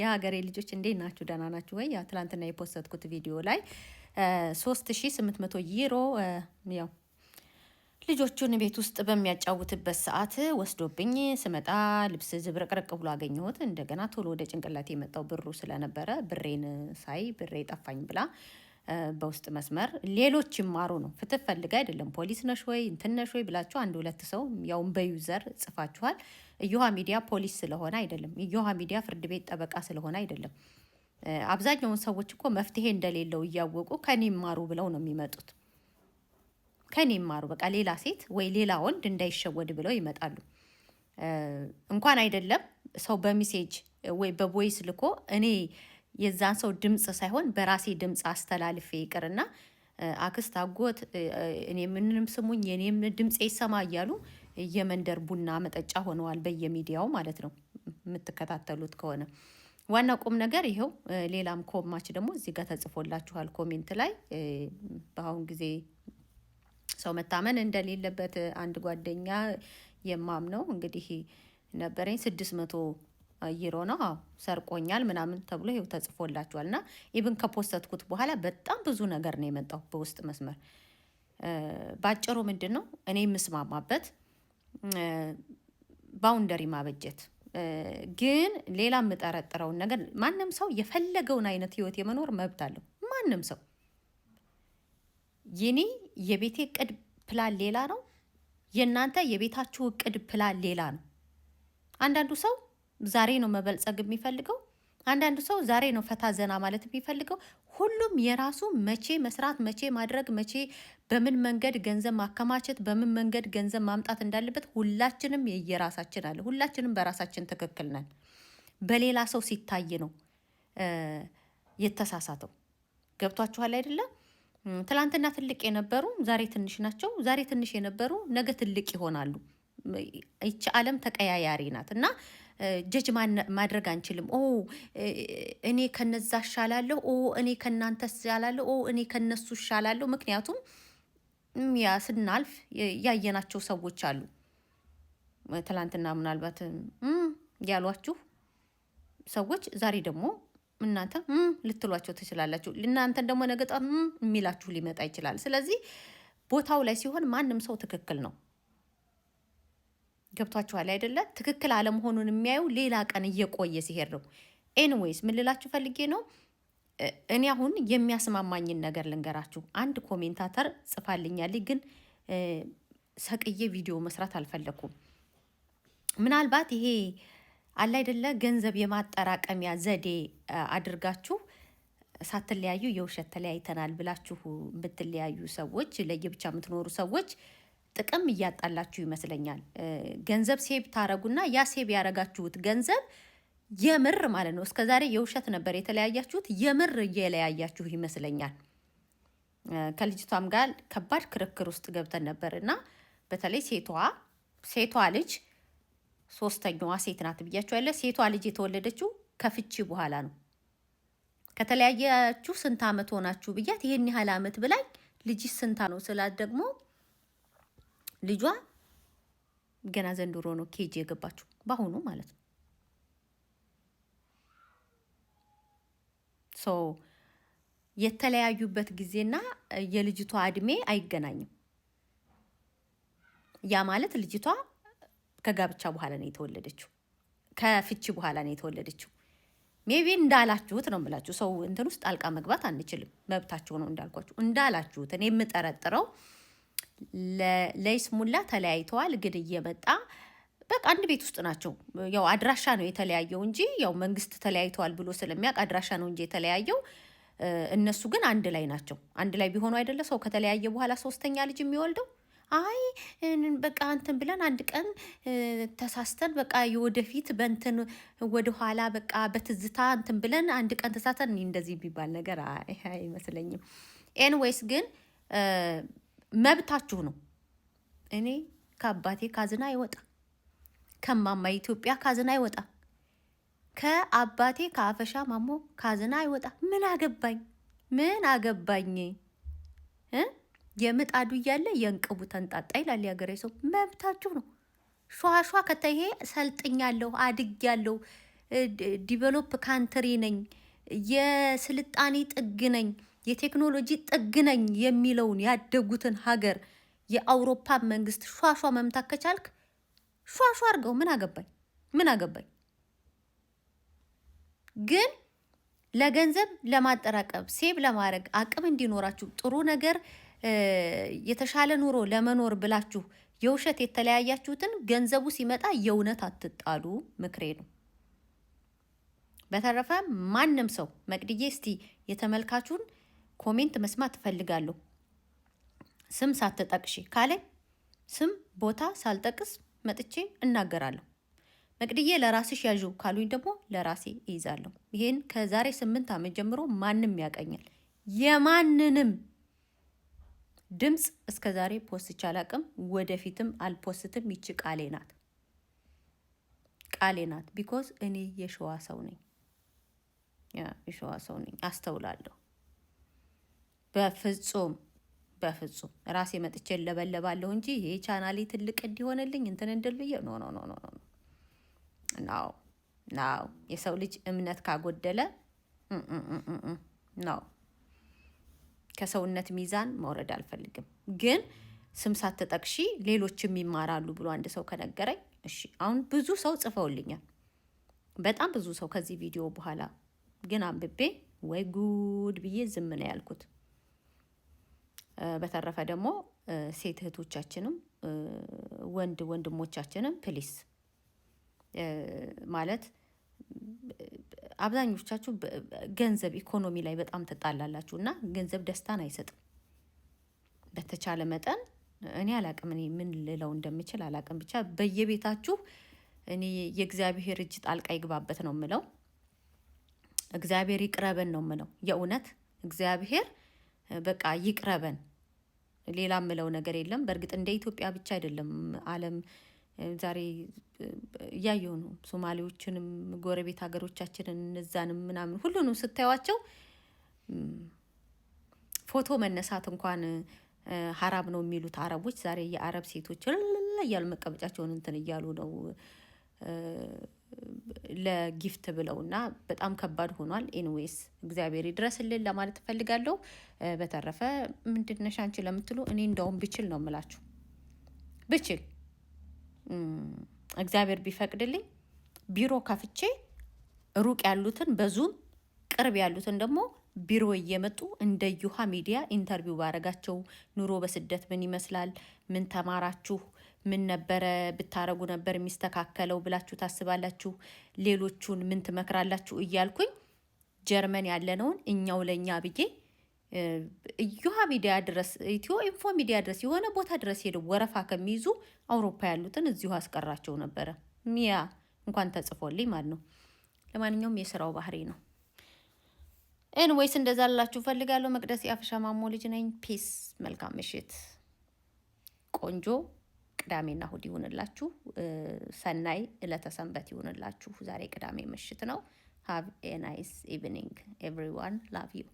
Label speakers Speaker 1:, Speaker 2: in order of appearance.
Speaker 1: የሀገሬ ልጆች እንዴት ናችሁ? ደህና ናችሁ ወይ? ያው ትላንትና የፖስተትኩት ቪዲዮ ላይ ሶስት ሺ ስምንት መቶ ዩሮ ያው ልጆቹን ቤት ውስጥ በሚያጫውትበት ሰዓት ወስዶብኝ ስመጣ ልብስ ዝብርቅርቅ ብሎ አገኘሁት። እንደገና ቶሎ ወደ ጭንቅላት የመጣው ብሩ ስለነበረ ብሬን ሳይ ብሬ ጠፋኝ ብላ በውስጥ መስመር ሌሎች ይማሩ ነው። ፍትህ ፈልግ አይደለም። ፖሊስ ነሽ ወይ እንትን ነሽ ወይ ብላችሁ አንድ ሁለት ሰው ያውም በዩዘር ጽፋችኋል። እዮሃ ሚዲያ ፖሊስ ስለሆነ አይደለም። እዮሃ ሚዲያ ፍርድ ቤት ጠበቃ ስለሆነ አይደለም። አብዛኛውን ሰዎች እኮ መፍትሄ እንደሌለው እያወቁ ከኔ ይማሩ ብለው ነው የሚመጡት። ከኔ ይማሩ በቃ ሌላ ሴት ወይ ሌላ ወንድ እንዳይሸወድ ብለው ይመጣሉ። እንኳን አይደለም ሰው በሚሴጅ ወይ በቮይስ ልኮ እኔ የዛን ሰው ድምፅ ሳይሆን በራሴ ድምፅ አስተላልፌ ይቅርና አክስት፣ አጎት እኔ ምንም ስሙኝ የኔም ድምፅ ይሰማ እያሉ የመንደር ቡና መጠጫ ሆነዋል፣ በየሚዲያው ማለት ነው። የምትከታተሉት ከሆነ ዋና ቁም ነገር ይኸው። ሌላም ኮማች ደግሞ እዚህ ጋር ተጽፎላችኋል ኮሜንት ላይ በአሁን ጊዜ ሰው መታመን እንደሌለበት አንድ ጓደኛ የማምነው እንግዲህ ነበረኝ ስድስት መቶ ይሮ ነው ሰርቆኛል ምናምን ተብሎ ይኸው ተጽፎላችኋል። እና ኢብን ከፖስተትኩት በኋላ በጣም ብዙ ነገር ነው የመጣው በውስጥ መስመር። ባጭሩ ምንድን ነው እኔ የምስማማበት ባውንደሪ ማበጀት ግን ሌላ የምጠረጥረውን ነገር ማንም ሰው የፈለገውን አይነት ህይወት የመኖር መብት አለው። ማንም ሰው የኔ የቤቴ እቅድ ፕላን ሌላ ነው። የእናንተ የቤታችሁ እቅድ ፕላን ሌላ ነው። አንዳንዱ ሰው ዛሬ ነው መበልጸግ የሚፈልገው። አንዳንዱ ሰው ዛሬ ነው ፈታ ዘና ማለት የሚፈልገው። ሁሉም የራሱ መቼ መስራት፣ መቼ ማድረግ፣ መቼ በምን መንገድ ገንዘብ ማከማቸት፣ በምን መንገድ ገንዘብ ማምጣት እንዳለበት ሁላችንም የየራሳችን አለ። ሁላችንም በራሳችን ትክክል ነን። በሌላ ሰው ሲታይ ነው የተሳሳተው። ገብቷችኋል አይደለም? ትላንትና ትልቅ የነበሩ ዛሬ ትንሽ ናቸው። ዛሬ ትንሽ የነበሩ ነገ ትልቅ ይሆናሉ። ይቺ ዓለም ተቀያያሪ ናት እና ጀጅ ማድረግ አንችልም። ኦ እኔ ከነዛ እሻላለሁ፣ ኦ እኔ ከእናንተ እሻላለሁ፣ ኦ እኔ ከነሱ እሻላለሁ። ምክንያቱም ያ ስናልፍ ያየናቸው ሰዎች አሉ። ትላንትና ምናልባት ያሏችሁ ሰዎች ዛሬ ደግሞ እናንተ ልትሏቸው ትችላላችሁ። እናንተን ደግሞ ነገጣ የሚላችሁ ሊመጣ ይችላል። ስለዚህ ቦታው ላይ ሲሆን ማንም ሰው ትክክል ነው። ገብቷችኋል አይደለ? ትክክል አለመሆኑን የሚያዩ ሌላ ቀን እየቆየ ሲሄድ ነው። ኤኒዌይስ ምን ልላችሁ ፈልጌ ነው፣ እኔ አሁን የሚያስማማኝን ነገር ልንገራችሁ። አንድ ኮሜንታተር ጽፋልኛል፣ ግን ሰቅዬ ቪዲዮ መስራት አልፈለኩም። ምናልባት ይሄ አለ አይደለ ገንዘብ የማጠራቀሚያ ዘዴ አድርጋችሁ ሳትለያዩ የውሸት ተለያይተናል ብላችሁ የምትለያዩ ሰዎች፣ ለየብቻ የምትኖሩ ሰዎች ጥቅም እያጣላችሁ ይመስለኛል። ገንዘብ ሴብ ታረጉና ያ ሴብ ያረጋችሁት ገንዘብ የምር ማለት ነው። እስከዛሬ የውሸት ነበር የተለያያችሁት፣ የምር እየለያያችሁ ይመስለኛል። ከልጅቷም ጋር ከባድ ክርክር ውስጥ ገብተን ነበር እና በተለይ ሴቷ ሴቷ ልጅ ሶስተኛዋ ሴት ናት ብያችሁ ያለ ሴቷ ልጅ የተወለደችው ከፍቺ በኋላ ነው። ከተለያያችሁ ስንት ዓመት ሆናችሁ ብያት ይህን ያህል ዓመት ብላኝ ልጅ ስንታ ነው ስላት ደግሞ ልጇ ገና ዘንድሮ ነው ኬጅ የገባችው፣ በአሁኑ ማለት ነው። ሶ የተለያዩበት ጊዜና የልጅቷ እድሜ አይገናኝም። ያ ማለት ልጅቷ ከጋብቻ በኋላ ነው የተወለደችው፣ ከፍቺ በኋላ ነው የተወለደችው። ሜቢ እንዳላችሁት ነው የምላችሁ። ሰው እንትን ውስጥ ጣልቃ መግባት አንችልም፣ መብታችሁ ነው እንዳልኳችሁ። እንዳላችሁት እኔ የምጠረጥረው ለይስሙላ ተለያይተዋል። ግን እየመጣ በቃ አንድ ቤት ውስጥ ናቸው። ያው አድራሻ ነው የተለያየው እንጂ ያው መንግስት ተለያይተዋል ብሎ ስለሚያውቅ አድራሻ ነው እንጂ የተለያየው እነሱ ግን አንድ ላይ ናቸው። አንድ ላይ ቢሆኑ አይደለ ሰው ከተለያየ በኋላ ሶስተኛ ልጅ የሚወልደው አይ በቃ እንትን ብለን አንድ ቀን ተሳስተን በቃ የወደፊት በእንትን ወደኋላ በቃ በትዝታ እንትን ብለን አንድ ቀን ተሳተን እንደዚህ የሚባል ነገር አይመስለኝም። ኤንዌይስ ግን መብታችሁ ነው። እኔ ከአባቴ ካዝና አይወጣ፣ ከማማ ኢትዮጵያ ካዝና አይወጣ፣ ከአባቴ ከአፈሻ ማሞ ካዝና አይወጣ። ምን አገባኝ? ምን አገባኝ? የምጣዱ እያለ የእንቅቡ ተንጣጣ ይላል የሀገሬ ሰው። መብታችሁ ነው። ሰልጥኝ ከተሄ ሰልጥኛለሁ፣ አድጌያለሁ፣ ዲቨሎፕ ካንትሪ ነኝ፣ የስልጣኔ ጥግ ነኝ የቴክኖሎጂ ጥግነኝ የሚለውን ያደጉትን ሀገር የአውሮፓ መንግስት ሿሿ መምታት ከቻልክ ሿሿ አድርገው። ምን አገባኝ ምን አገባኝ። ግን ለገንዘብ ለማጠራቀም ሴብ ለማድረግ አቅም እንዲኖራችሁ ጥሩ ነገር የተሻለ ኑሮ ለመኖር ብላችሁ የውሸት የተለያያችሁትን ገንዘቡ ሲመጣ የእውነት አትጣሉ፣ ምክሬ ነው። በተረፈ ማንም ሰው መቅድዬ እስቲ የተመልካቹን ኮሜንት መስማት እፈልጋለሁ። ስም ሳትጠቅሺ ካለ ስም ቦታ ሳልጠቅስ መጥቼ እናገራለሁ። መቅድዬ ለራስሽ ያዥው ካሉኝ ደግሞ ለራሴ እይዛለሁ። ይሄን ከዛሬ ስምንት ዓመት ጀምሮ ማንም ያቀኛል። የማንንም ድምፅ እስከ ዛሬ ፖስቼ አላቅም። ወደፊትም አልፖስትም። ይቺ ቃሌ ናት፣ ቃሌ ናት። ቢኮዝ እኔ የሸዋ ሰው ነኝ፣ የሸዋ ሰው ነኝ። አስተውላለሁ በፍጹም በፍጹም ራሴ መጥቼ ለበለባለሁ እንጂ ይሄ ቻናሌ ትልቅ እንዲሆንልኝ እንትን እንድል ብዬ ኖ ኖ ኖ ኖ ናው ናው የሰው ልጅ እምነት ካጎደለ ናው ከሰውነት ሚዛን መውረድ አልፈልግም። ግን ስም ሳትጠቅሺ ሌሎችም ይማራሉ ብሎ አንድ ሰው ከነገረኝ እሺ። አሁን ብዙ ሰው ጽፈውልኛል፣ በጣም ብዙ ሰው ከዚህ ቪዲዮ በኋላ ግን አንብቤ ወይ ጉድ ብዬ ዝም ነው ያልኩት። በተረፈ ደግሞ ሴት እህቶቻችንም ወንድ ወንድሞቻችንም ፕሊስ ማለት አብዛኞቻችሁ ገንዘብ ኢኮኖሚ ላይ በጣም ትጣላላችሁ እና ገንዘብ ደስታን አይሰጥም። በተቻለ መጠን እኔ አላቅም፣ እኔ ምን ልለው እንደምችል አላቅም። ብቻ በየቤታችሁ እኔ የእግዚአብሔር እጅ ጣልቃ ይግባበት ነው ምለው። እግዚአብሔር ይቅረበን ነው ምለው። የእውነት እግዚአብሔር በቃ ይቅረበን። ሌላ ምለው ነገር የለም። በእርግጥ እንደ ኢትዮጵያ ብቻ አይደለም ዓለም ዛሬ እያየው ነው። ሶማሌዎችንም ጎረቤት ሀገሮቻችንን እነዛንም ምናምን ሁሉንም ስታዩቸው ፎቶ መነሳት እንኳን ሀራብ ነው የሚሉት አረቦች ዛሬ የአረብ ሴቶች እያሉ መቀመጫቸውን እንትን እያሉ ነው። ለጊፍት ብለውና በጣም ከባድ ሆኗል። ኤንዌስ እግዚአብሔር ይድረስልን ለማለት እፈልጋለሁ። በተረፈ ምንድነሽ አንቺ ለምትሉ እኔ እንደውም ብችል ነው የምላችሁ ብችል እግዚአብሔር ቢፈቅድልኝ ቢሮ ከፍቼ ሩቅ ያሉትን በዙም ቅርብ ያሉትን ደግሞ ቢሮ እየመጡ እንደ ዩሃ ሚዲያ ኢንተርቪው ባረጋቸው ኑሮ በስደት ምን ይመስላል፣ ምን ተማራችሁ ምን ነበረ ብታረጉ ነበር የሚስተካከለው ብላችሁ ታስባላችሁ? ሌሎቹን ምን ትመክራላችሁ? እያልኩኝ ጀርመን ያለነውን እኛው ለእኛ ብዬ እዮሃ ሚዲያ ድረስ ኢትዮ ኢንፎ ሚዲያ ድረስ የሆነ ቦታ ድረስ ሄደው ወረፋ ከሚይዙ አውሮፓ ያሉትን እዚሁ አስቀራቸው ነበረ። ሚያ እንኳን ተጽፎልኝ ማለት ነው። ለማንኛውም የስራው ባህሪ ነው። ኤንዌይስ እንደዛ ላችሁ ፈልጋለሁ። መቅደስ የአፍሻ ማሞ ልጅ ነኝ። ፒስ። መልካም ምሽት ቆንጆ ቅዳሜና እሁድ ይሁንላችሁ። ሰናይ ዕለተ ሰንበት ይሁንላችሁ። ዛሬ ቅዳሜ ምሽት ነው። ሃቭ ኤ ናይስ ኢቭኒንግ ኤቭሪዋን ላቭ ዩ